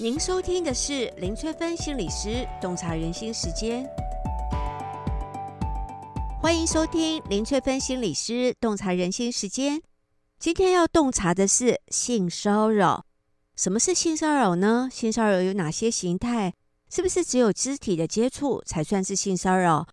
您收聽的是林翠芬心理師洞察人心時間。歡迎收聽林翠芬心理師洞察人心時間。今天要洞察的是性騷擾。什麼是性騷擾呢？性騷擾有哪些形態？是不是只有肢體的接觸才算是性騷擾？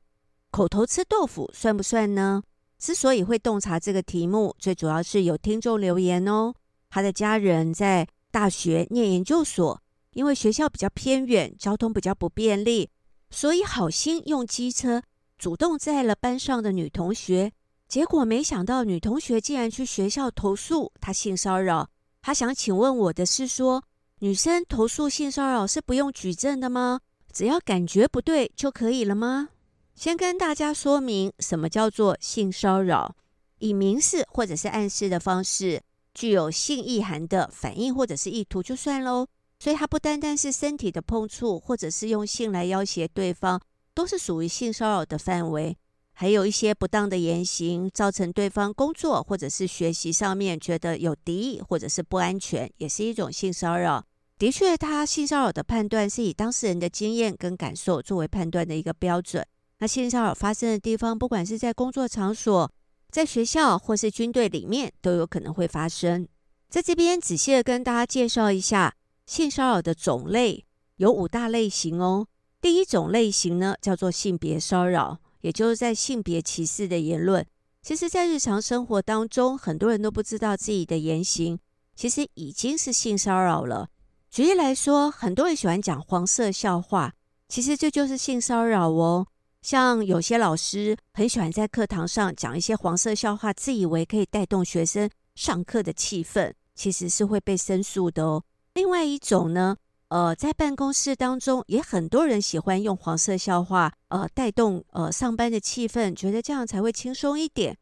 口頭吃豆腐算不算呢？之所以會洞察這個題目，最主要是有聽眾留言哦。他的家人在大學念研究所。因為學校比較偏遠，交通比較不便利，所以好心用機車主動載了班上的女同學。結果沒想到，女同學竟然去學校投訴她性騷擾。她想請問我的是說：說女生投訴性騷擾是不用舉證的嗎？只要感覺不對就可以了嗎？先跟大家說明，什麼叫做性騷擾？以明示或者是暗示的方式，具有性意涵的反應或者是意圖，就算嘍。所以，它不單單是身體的碰觸，或者是用性來要挾對方，都是屬於性騷擾的範圍。還有一些不當的言行，造成對方工作或者是學習上面覺得有敵意或者是不安全，也是一種性騷擾。的確，他性騷擾的判斷是以當事人的經驗跟感受作為判斷的一個標準。那性騷擾發生的地方，不管是在工作場所、在學校或是軍隊裡面，都有可能會發生。在這邊仔細的跟大家介紹一下。性騷擾的種類有五大類型哦。第一種類型呢，叫做性別騷擾，也就是在性別歧視的言論。其實，在日常生活當中，很多人都不知道自己的言行其實已經是性騷擾了。舉例來說，很多人喜歡講黃色笑話，其實這就是性騷擾哦。像有些老師很喜歡在課堂上講一些黃色笑話，自以為可以帶動學生上課的氣氛，其實是會被申訴的哦。另外一種呢，呃，在辦公室當中也很多人喜歡用黃色笑話，呃，帶動呃上班的氣氛，覺得這樣才會輕鬆一點。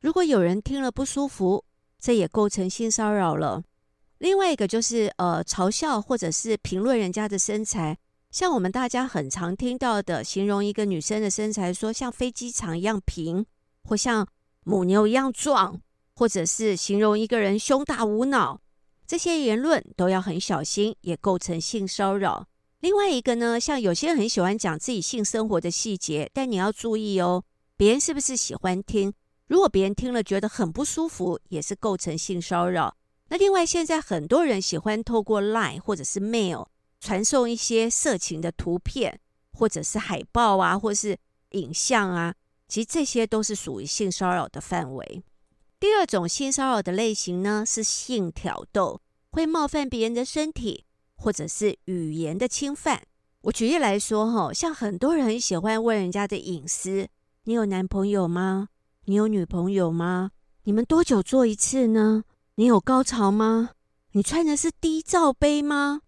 如果有人聽了不舒服，這也構成性騷擾了。另外一個就是呃，嘲笑或者是評論人家的身材，像我們大家很常聽到的，形容一個女生的身材說像飛機場一樣平，或像母牛一樣壯，或者是形容一個人胸大無腦。這些言論都要很小心，也構成性騷擾。另外一個呢，像有些人很喜歡講自己性生活的細節，但你要注意哦，別人是不是喜歡聽？如果別人聽了覺得很不舒服，也是構成性騷擾。那另外，現在很多人喜歡透過 LINE 或者是 Mail 傳送一些色情的圖片，或者是海報啊，或者是影像啊，其實這些都是屬於性騷擾的範圍。第二種性騷擾的類型呢，是性挑逗，會冒犯別人的身體，或者是語言的侵犯。我舉例來說，哈，像很多人很喜歡問人家的隱私，你有男朋友嗎？你有女朋友嗎？你們多久做一次呢？你有高潮嗎？你穿的是 D 罩杯嗎？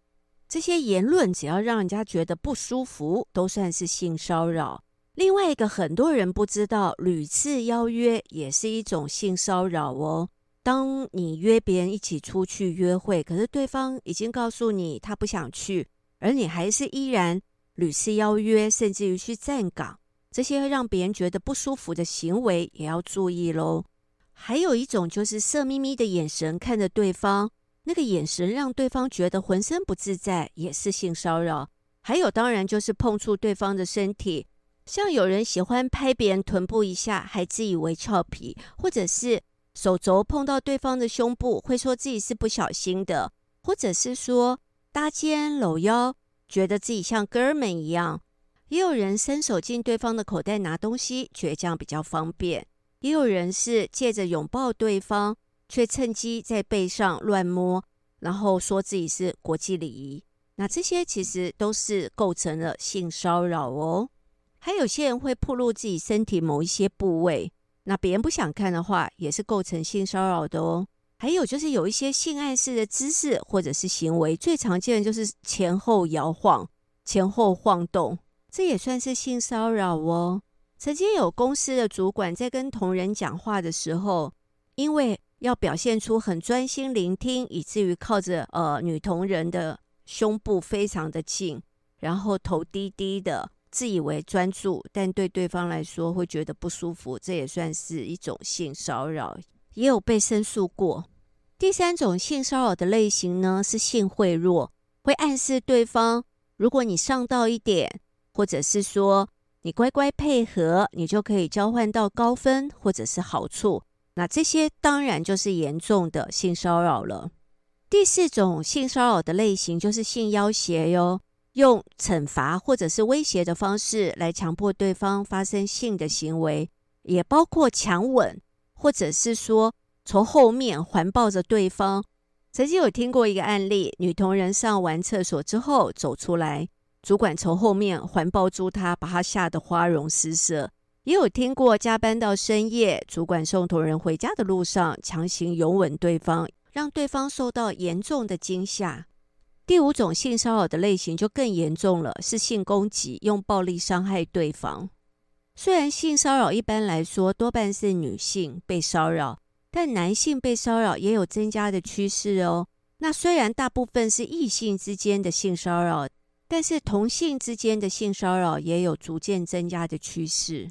這些言論只要讓人家覺得不舒服，都算是性騷擾。另外一個很多人不知道，屢次邀約也是一種性騷擾哦。當你約別人一起出去約會，可是對方已經告訴你他不想去，而你還是依然屢次邀約，甚至於去站崗，這些會讓別人覺得不舒服的行為也要注意嘍。還有一種就是色眯眯的眼神看着對方，那個眼神讓對方覺得渾身不自在，也是性騷擾。還有當然就是碰觸對方的身體。像有人喜歡拍別人臀部一下，還自以為俏皮；或者是手肘碰到對方的胸部，會說自己是不小心的；或者是說搭肩摟腰，覺得自己像哥們一樣。也有人伸手進對方的口袋拿東西，覺得這樣比較方便。也有人是借着擁抱對方，卻趁機在背上亂摸，然後說自己是國際禮儀。那這些其實都是構成了性騷擾哦。還有些人會暴露自己身體某一些部位，那別人不想看的話，也是構成性騷擾的哦。還有就是有一些性暗示的姿勢或者是行為，最常見的就是前後搖晃、前後晃動，這也算是性騷擾哦。曾經有公司的主管在跟同仁講話的時候，因為要表現出很專心聆聽，以至於靠着呃女同仁的胸部非常的近，然後頭低低的。自以為專注，但對對方來說會覺得不舒服，這也算是一種性騷擾，也有被申訴過。第三種性騷擾的類型呢，是性賄賂，會暗示對方：如果你上到一點，或者是說你乖乖配合，你就可以交換到高分或者是好處。那這些當然就是嚴重的性騷擾了。第四種性騷擾的類型就是性要挾喲。用懲罰或者是威脅的方式來強迫對方發生性的行為，也包括強吻，或者是說從後面環抱着對方。曾經有聽過一個案例，女同仁上完廁所之後走出來，主管從後面環抱住她，把她嚇得花容失色。也有聽過加班到深夜，主管送同仁回家的路上強行擁吻對方，讓對方受到嚴重的驚嚇。第五種性騷擾的類型就更嚴重了，是性攻擊，用暴力傷害對方。雖然性騷擾一般來說多半是女性被騷擾，但男性被騷擾也有增加的趨勢哦。那雖然大部分是異性之間的性騷擾，但是同性之間的性騷擾也有逐漸增加的趨勢。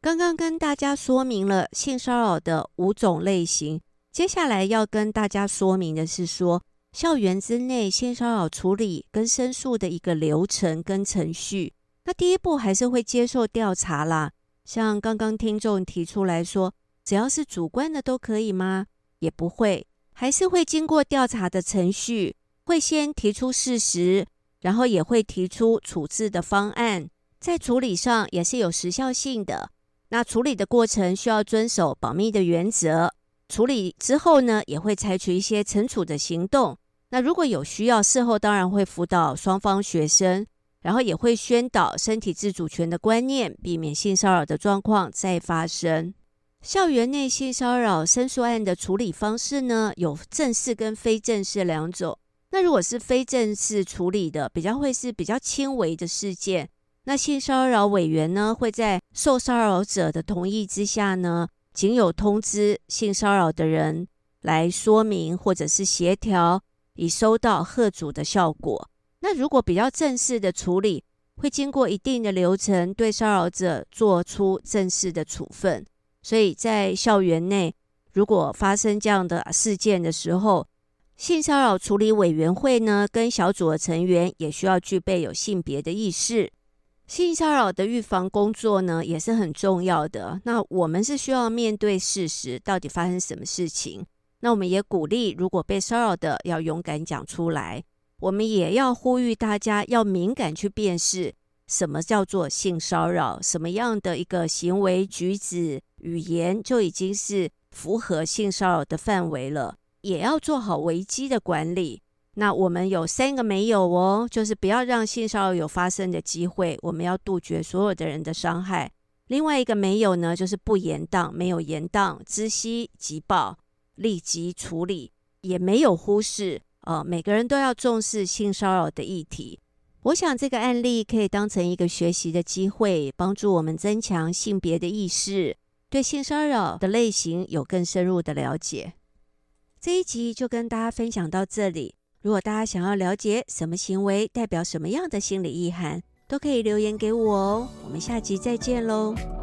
剛剛跟大家說明了性騷擾的五種類型，接下來要跟大家說明的是說。校園之內性騷擾處理跟申訴的一個流程跟程序，那第一步還是會接受調查啦。像剛剛聽眾提出來說，只要是主觀的都可以嗎？也不會，還是會經過調查的程序，會先提出事實，然後也會提出處置的方案。在處理上也是有時效性的。那處理的過程需要遵守保密的原則。處理之後呢，也會採取一些懲處的行動。那如果有需要，事後當然會輔導雙方學生，然後也會宣導身體自主權的觀念，避免性騷擾的狀況再發生。校園內性騷擾申訴案的處理方式呢，有正式跟非正式兩種。那如果是非正式處理的，比較會是比較輕微的事件。那性騷擾委員呢，會在受騷擾者的同意之下呢，僅有通知性騷擾的人來說明或者是協調。以收到嚇阻的效果。那如果比較正式的處理，會經過一定的流程，對騷擾者做出正式的處分。所以在校園內，如果發生這樣的事件的時候，性騷擾處理委員會呢，跟小組的成員也需要具備有性別的意識。性騷擾的預防工作呢，也是很重要的。那我們是需要面對事實，到底發生什麼事情？那我們也鼓勵，如果被騷擾的要勇敢講出來。我們也要呼籲大家要敏感去辨識，什麼叫做性騷擾，什麼樣的一個行為舉止、語言就已經是符合性騷擾的範圍了。也要做好危機的管理。那我們有三個沒有哦，就是不要讓性騷擾有發生的機會，我們要杜絕所有的人的傷害。另外一個沒有呢，就是不延宕，沒有延宕，知悉即報。立即處理，也沒有忽視。呃、哦，每個人都要重視性騷擾的議題。我想這個案例可以當成一個學習的機會，幫助我們增強性別的意識，對性騷擾的類型有更深入的了解。這一集就跟大家分享到這裡。如果大家想要了解什麼行為代表什麼樣的心理意涵，都可以留言給我哦。我們下集再見嘍。